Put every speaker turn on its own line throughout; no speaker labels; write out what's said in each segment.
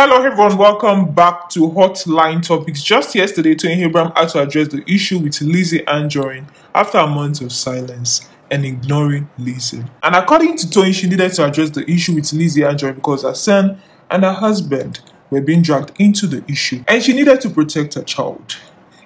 Hello, everyone. Welcome back to Hotline Topics. Just yesterday, Tony Abraham had to address the issue with Lizzie Anjorin after a month of silence and ignoring Lizzie. And according to Tony, she needed to address the issue with Lizzie Anjorin because her son and her husband were being dragged into the issue, and she needed to protect her child.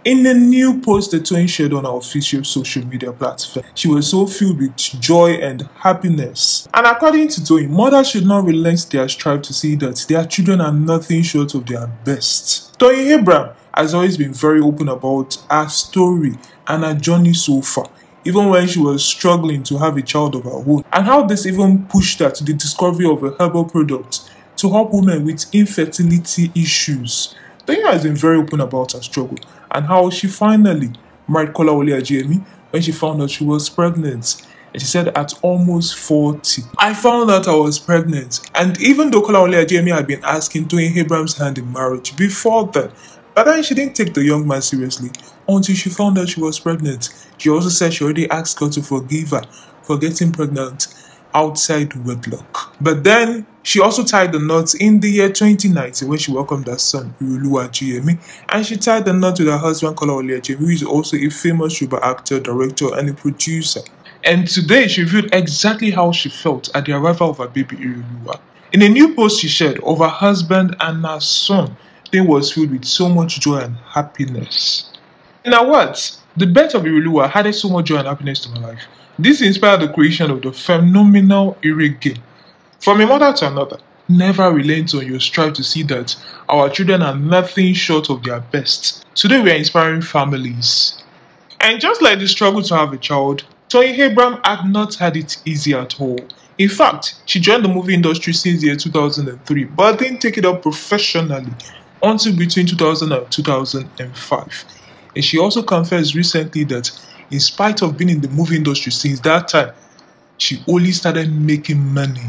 In a new post that Toyin shared on our official social media platform, she was so filled with joy and happiness. And according to Toyin, mothers should not relent their strive to see that their children are nothing short of their best. Toyin Abraham has always been very open about her story and her journey so far even when she was struggling to have a child of her own, and how this even pushed her to the discovery of a herbal product to help women with infertility issues. Tanya has been very open about her struggle and how she finally married Kola Wole Ajemi when she found out she was pregnant. And she said at almost 40, I found out I was pregnant. And even though Kola Wole Ajemi had been asking in Abraham's hand in marriage before that, but then she didn't take the young man seriously until she found out she was pregnant. She also said she already asked God to forgive her for getting pregnant outside wedlock. But then she also tied the knot in the year 2019 when she welcomed her son, Iruluwa Jiemi, and she tied the knot with her husband, Kola Jiemi, who is also a famous Yoruba actor, director, and a producer. And today, she revealed exactly how she felt at the arrival of her baby, Iruluwa. In a new post she shared of her husband and her son, they was filled with so much joy and happiness. In her words, the birth of Iruluwa added so much joy and happiness to my life. This inspired the creation of the phenomenal Eric game. From a mother to another, never relent on your strive to see that our children are nothing short of their best. Today we are inspiring families. And just like the struggle to have a child, Tony Abram had not had it easy at all. In fact, she joined the movie industry since the year 2003, but didn't take it up professionally until between 2000 and 2005. And she also confessed recently that in spite of being in the movie industry since that time, she only started making money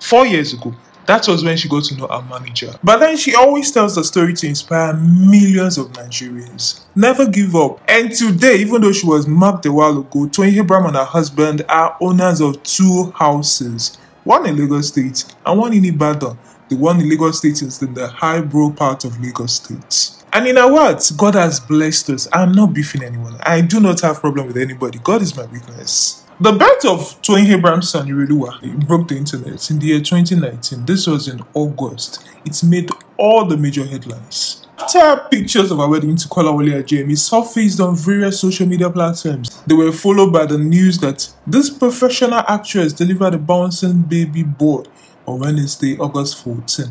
four years ago. That was when she got to know her manager. But then she always tells the story to inspire millions of Nigerians. Never give up. And today, even though she was mugged a while ago, Tony Abraham and her husband are owners of two houses one in Lagos State and one in Ibadan. The one in Lagos State is in the high-bro part of Lagos State. And in our words, God has blessed us. I'm not beefing anyone. I do not have problem with anybody. God is my weakness. The birth of Tony Abramson Irelua broke the internet in the year 2019. This was in August. It made all the major headlines. After pictures of our wedding to Kolawole Ajemi surfaced on various social media platforms, they were followed by the news that this professional actress delivered a bouncing baby boy on Wednesday, August 14.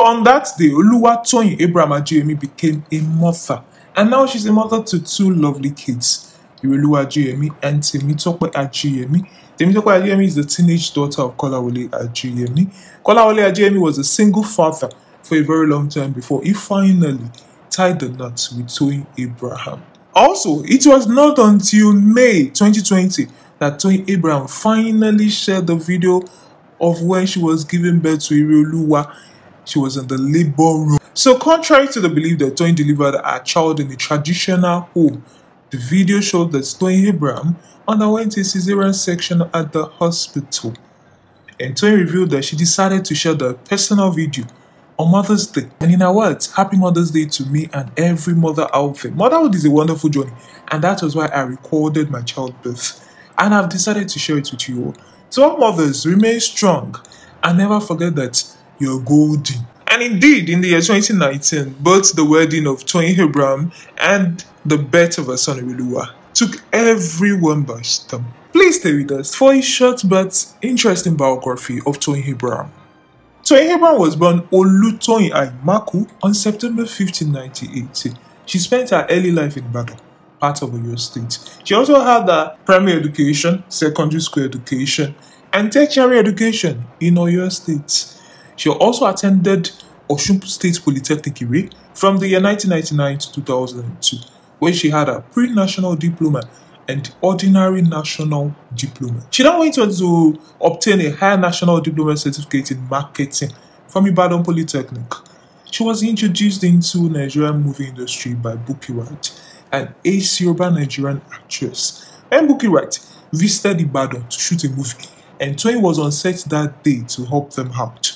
On that day, Oluwatoyin Abraham Ajayemi became a mother, and now she's a mother to two lovely kids, Ireluwa Ajayemi and Temitope Ajayemi. Temitope Ajayemi is the teenage daughter of Kolawole Ajayemi. Kolawole Ajayemi was a single father for a very long time before he finally tied the knot with Toyin Abraham. Also, it was not until May 2020 that Toyin Abraham finally shared the video of when she was giving birth to Ireoluwa she was in the labor room. So, contrary to the belief that Toyin delivered her child in a traditional home, the video showed that Toyin Abraham underwent a cesarean section at the hospital. And Toyin revealed that she decided to share the personal video on Mother's Day. And in her words, Happy Mother's Day to me and every mother out there. Motherhood is a wonderful journey, and that was why I recorded my childbirth. And I've decided to share it with you all. mothers, remain strong and never forget that you're golden. And indeed, in the year 2019, both the wedding of Tony Abraham and the birth of son Asonirilua took everyone by storm. Please stay with us for a short but interesting biography of Tony Abraham. Tony Abraham was born Olutoyin Aimaku on September 15, 1980. She spent her early life in Ibadan, part of Oyo State. She also had a primary education, secondary school education, and tertiary education in Oyo State. She also attended Osun State Polytechnic Iwe from the year 1999 to 2002, where she had a pre-national diploma and ordinary national diploma. She then went on to obtain a higher national diploma certificate in marketing from Ibadan Polytechnic. She was introduced into Nigerian movie industry by Buki Wright, an ace urban Nigerian actress. When Buki Wright visited Ibadan to shoot a movie, and Twain was on set that day to help them out.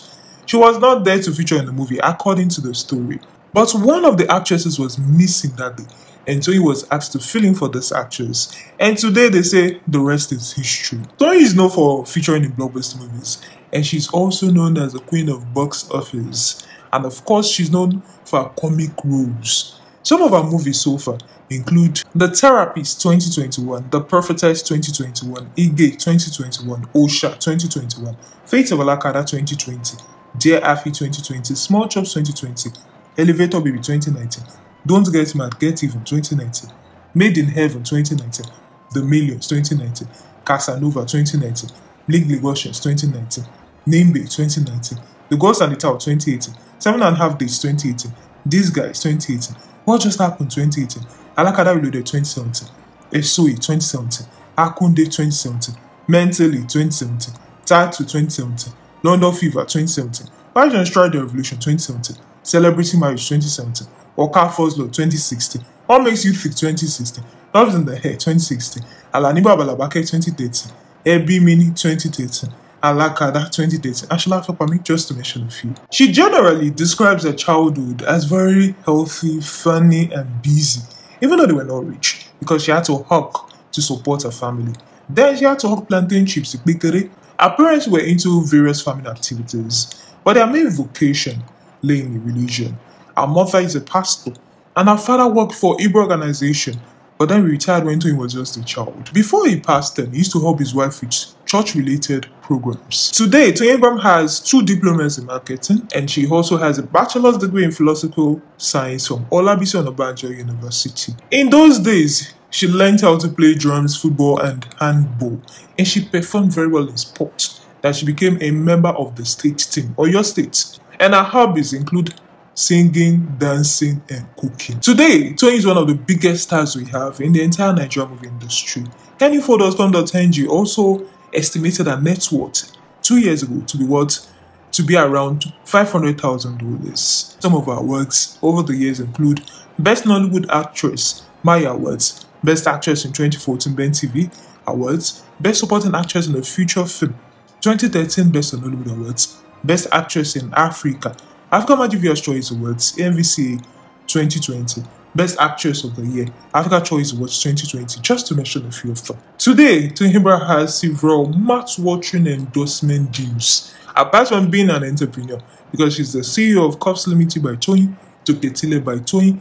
She was not there to feature in the movie, according to the story. But one of the actresses was missing that day, and he was asked to fill in for this actress. And today they say the rest is history. Tony is known for featuring in blockbuster movies, and she's also known as the queen of box office. And of course, she's known for her comic roles. Some of her movies so far include The Therapist 2021, The Prophetess 2021, Ige 2021, Osha 2021, Fate of Alakada 2020, JRF 2020, Small Chops 2020, Elevator Baby 2019, Don't Get Mad, Get Even 2019, Made in Heaven 2019, The Millions 2019, Casanova 2019, League Legosians 2019, Nimbe 2019, The Ghost and the Tower 2018, Seven and a Half Days 2018, These Guys 2018, What Just Happened 2018, Alakada Reloaded 2017, Esoi 2017, Akunde 2017, Mentally 2017, Tattoo 2017, London Fever 2017, Passion the Revolution 2017, Celebrity Marriage 2017, car First Law 2016, What Makes You Think 2016, Love in the Hair 2016, Alaniba Balabake 2013, Ebi Mini 2013, Alakada 2013, and Shola Fapami, just to mention a few. She generally describes her childhood as very healthy, funny, and busy, even though they were not rich, because she had to hawk to support her family. Then she had to hawk plantain chips to bakery. Her parents were into various farming activities, but their main vocation lay in religion. Her mother is a pastor, and her father worked for Hebrew organization, but then retired when he was just a child. Before he passed on, he used to help his wife with church-related programs. Today, Bam has two diplomas in marketing, and she also has a bachelor's degree in philosophical science from Olabisi Onabanjo University. In those days, she learned how to play drums, football, and handball, and she performed very well in sports. That she became a member of the state team or your state. And her hobbies include singing, dancing, and cooking. Today, Tony is one of the biggest stars we have in the entire Nigerian movie industry. Kenny4.com.ng also estimated her net worth two years ago to be worth to be around $500,000. Some of her works over the years include Best Nollywood Actress Maya Awards, Best Actress in 2014 Ben TV Awards, Best Supporting Actress in a Feature Film, 2013 Best Hollywood Awards, Best Actress in Africa, Africa Magic Choice Awards, MVC 2020, Best Actress of the Year, Africa Choice Awards 2020, just to mention a few of them. Today, Tunhibra has several match watching endorsement deals, apart from being an entrepreneur, because she's the CEO of Cops Limited by Tony, Toketile by Tony,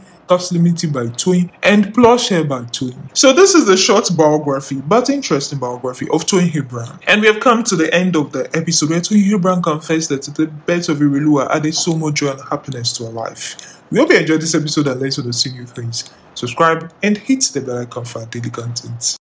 limited by Twin and Plowshare by Twin. So this is the short biography, but interesting biography of Twin Hebron. And we have come to the end of the episode where Twin Hebron confessed that the birth of Irelua added so much joy and happiness to her life. We hope you enjoyed this episode and learned to the new things. Subscribe and hit the bell icon for daily content.